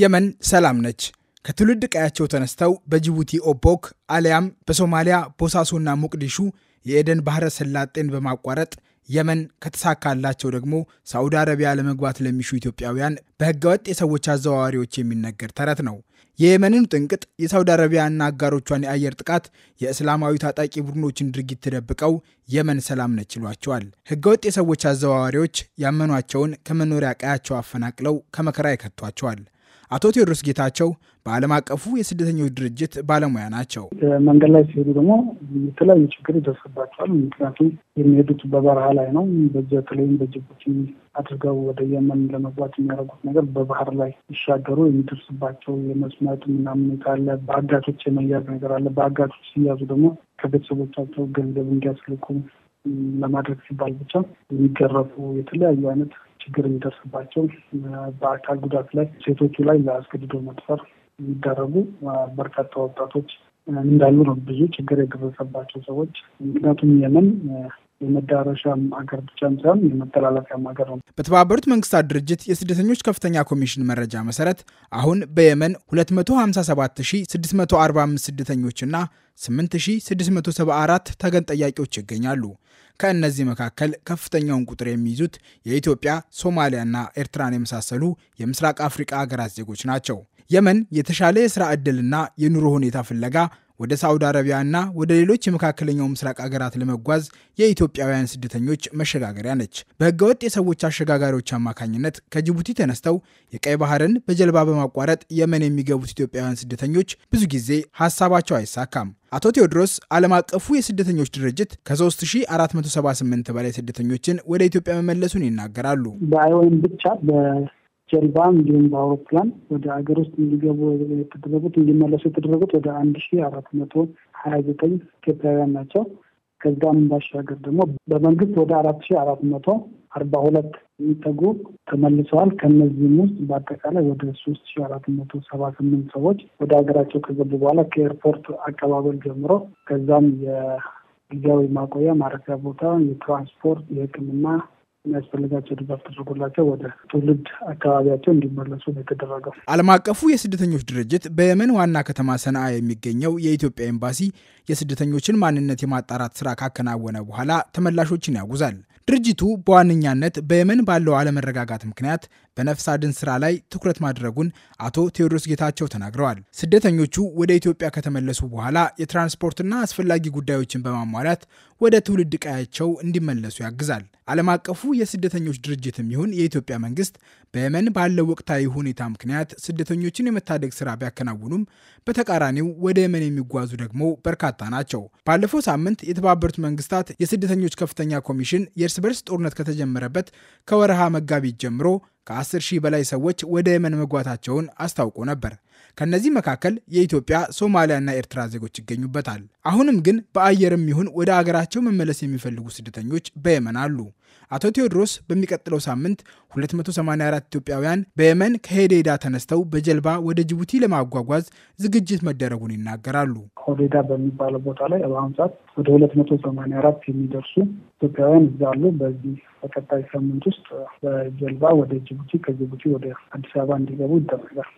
የመን ሰላም ነች። ከትውልድ ቀያቸው ተነስተው በጅቡቲ ኦቦክ አሊያም በሶማሊያ ቦሳሶና ሞቅዲሹ የኤደን ባህረ ሰላጤን በማቋረጥ የመን ከተሳካላቸው ደግሞ ሳዑዲ አረቢያ ለመግባት ለሚሹ ኢትዮጵያውያን በህገወጥ የሰዎች አዘዋዋሪዎች የሚነገር ተረት ነው። የየመንን ጥንቅጥ፣ የሳውዲ አረቢያና አጋሮቿን የአየር ጥቃት፣ የእስላማዊ ታጣቂ ቡድኖችን ድርጊት ተደብቀው የመን ሰላም ነች ይሏቸዋል። ህገወጥ የሰዎች አዘዋዋሪዎች ያመኗቸውን ከመኖሪያ ቀያቸው አፈናቅለው ከመከራ ይከቷቸዋል። አቶ ቴዎድሮስ ጌታቸው በዓለም አቀፉ የስደተኞች ድርጅት ባለሙያ ናቸው። መንገድ ላይ ሲሄዱ ደግሞ የተለያዩ ችግር ይደርስባቸዋል። ምክንያቱም የሚሄዱት በበረሃ ላይ ነው። በተለይም በጅቡቲ አድርገው ወደ የመን ለመግባት የሚያደርጉት ነገር በባህር ላይ ይሻገሩ የሚደርስባቸው የመስመጥ ምናምን ካለ በአጋቶች የመያዝ ነገር አለ። በአጋቶች ሲያዙ ደግሞ ከቤተሰቦቻቸው ገንዘብ እንዲያስልኩ ለማድረግ ሲባል ብቻ የሚገረፉ የተለያዩ አይነት ችግር የሚደርስባቸው በአካል ጉዳት ላይ ሴቶቹ ላይ ለአስገድዶ መድፈር የሚደረጉ በርካታ ወጣቶች እንዳሉ ነው ብዙ ችግር የደረሰባቸው ሰዎች። ምክንያቱም የመን የመዳረሻም ሀገር ብቻም ሳይሆን የመተላለፊያም ሀገር ነው። በተባበሩት መንግስታት ድርጅት የስደተኞች ከፍተኛ ኮሚሽን መረጃ መሰረት አሁን በየመን 257645 ስደተኞችና 8674 ተገን ጠያቂዎች ይገኛሉ። ከእነዚህ መካከል ከፍተኛውን ቁጥር የሚይዙት የኢትዮጵያ፣ ሶማሊያና ኤርትራን የመሳሰሉ የምስራቅ አፍሪቃ ሀገራት ዜጎች ናቸው። የመን የተሻለ የስራ ዕድልና የኑሮ ሁኔታ ፍለጋ ወደ ሳዑዲ አረቢያና ወደ ሌሎች የመካከለኛው ምስራቅ አገራት ለመጓዝ የኢትዮጵያውያን ስደተኞች መሸጋገሪያ ነች። በህገወጥ የሰዎች አሸጋጋሪዎች አማካኝነት ከጅቡቲ ተነስተው የቀይ ባህርን በጀልባ በማቋረጥ የመን የሚገቡት ኢትዮጵያውያን ስደተኞች ብዙ ጊዜ ሀሳባቸው አይሳካም። አቶ ቴዎድሮስ ዓለም አቀፉ የስደተኞች ድርጅት ከ3478 በላይ ስደተኞችን ወደ ኢትዮጵያ መመለሱን ይናገራሉ። በአይወይም ብቻ ጀልባ እንዲሁም በአውሮፕላን ወደ ሀገር ውስጥ እንዲገቡ የተደረጉት እንዲመለሱ የተደረጉት ወደ አንድ ሺ አራት መቶ ሀያ ዘጠኝ ኢትዮጵያውያን ናቸው። ከዛም ባሻገር ደግሞ በመንግስት ወደ አራት ሺ አራት መቶ አርባ ሁለት የሚጠጉ ተመልሰዋል። ከነዚህም ውስጥ በአጠቃላይ ወደ ሶስት ሺ አራት መቶ ሰባ ስምንት ሰዎች ወደ ሀገራቸው ከገቡ በኋላ ከኤርፖርት አቀባበል ጀምሮ ከዛም የጊዜያዊ ማቆያ ማረፊያ ቦታ፣ የትራንስፖርት፣ የሕክምና የሚያስፈልጋቸው ድጋፍ ተደርጎላቸው ወደ ትውልድ አካባቢያቸው እንዲመለሱ ነው የተደረገው። ዓለም አቀፉ የስደተኞች ድርጅት በየመን ዋና ከተማ ሰንዓ የሚገኘው የኢትዮጵያ ኤምባሲ የስደተኞችን ማንነት የማጣራት ስራ ካከናወነ በኋላ ተመላሾችን ያጉዛል። ድርጅቱ በዋነኛነት በየመን ባለው አለመረጋጋት ምክንያት በነፍስ አድን ስራ ላይ ትኩረት ማድረጉን አቶ ቴዎድሮስ ጌታቸው ተናግረዋል። ስደተኞቹ ወደ ኢትዮጵያ ከተመለሱ በኋላ የትራንስፖርትና አስፈላጊ ጉዳዮችን በማሟላት ወደ ትውልድ ቀያቸው እንዲመለሱ ያግዛል። ዓለም አቀፉ የስደተኞች ድርጅትም ይሁን የኢትዮጵያ መንግስት በየመን ባለው ወቅታዊ ሁኔታ ምክንያት ስደተኞችን የመታደግ ስራ ቢያከናውኑም በተቃራኒው ወደ የመን የሚጓዙ ደግሞ በርካታ ናቸው። ባለፈው ሳምንት የተባበሩት መንግስታት የስደተኞች ከፍተኛ ኮሚሽን የእርስ የእርስ በርስ ጦርነት ከተጀመረበት ከወረሃ መጋቢት ጀምሮ ከ10 ሺህ በላይ ሰዎች ወደ የመን መግባታቸውን አስታውቆ ነበር። ከእነዚህ መካከል የኢትዮጵያ፣ ሶማሊያና ኤርትራ ዜጎች ይገኙበታል። አሁንም ግን በአየርም ይሁን ወደ አገራቸው መመለስ የሚፈልጉ ስደተኞች በየመን አሉ። አቶ ቴዎድሮስ በሚቀጥለው ሳምንት 284 ኢትዮጵያውያን በየመን ከሄዴዳ ተነስተው በጀልባ ወደ ጅቡቲ ለማጓጓዝ ዝግጅት መደረጉን ይናገራሉ። ሆዴዳ በሚባለው ቦታ ላይ በአሁኑ ሰዓት ወደ 284 የሚደርሱ ኢትዮጵያውያን እዛ አሉ። በዚህ በቀጣይ ሳምንት ውስጥ በጀልባ ወደ ጅቡቲ ከጅቡቲ ወደ አዲስ አበባ እንዲገቡ ይደረጋል።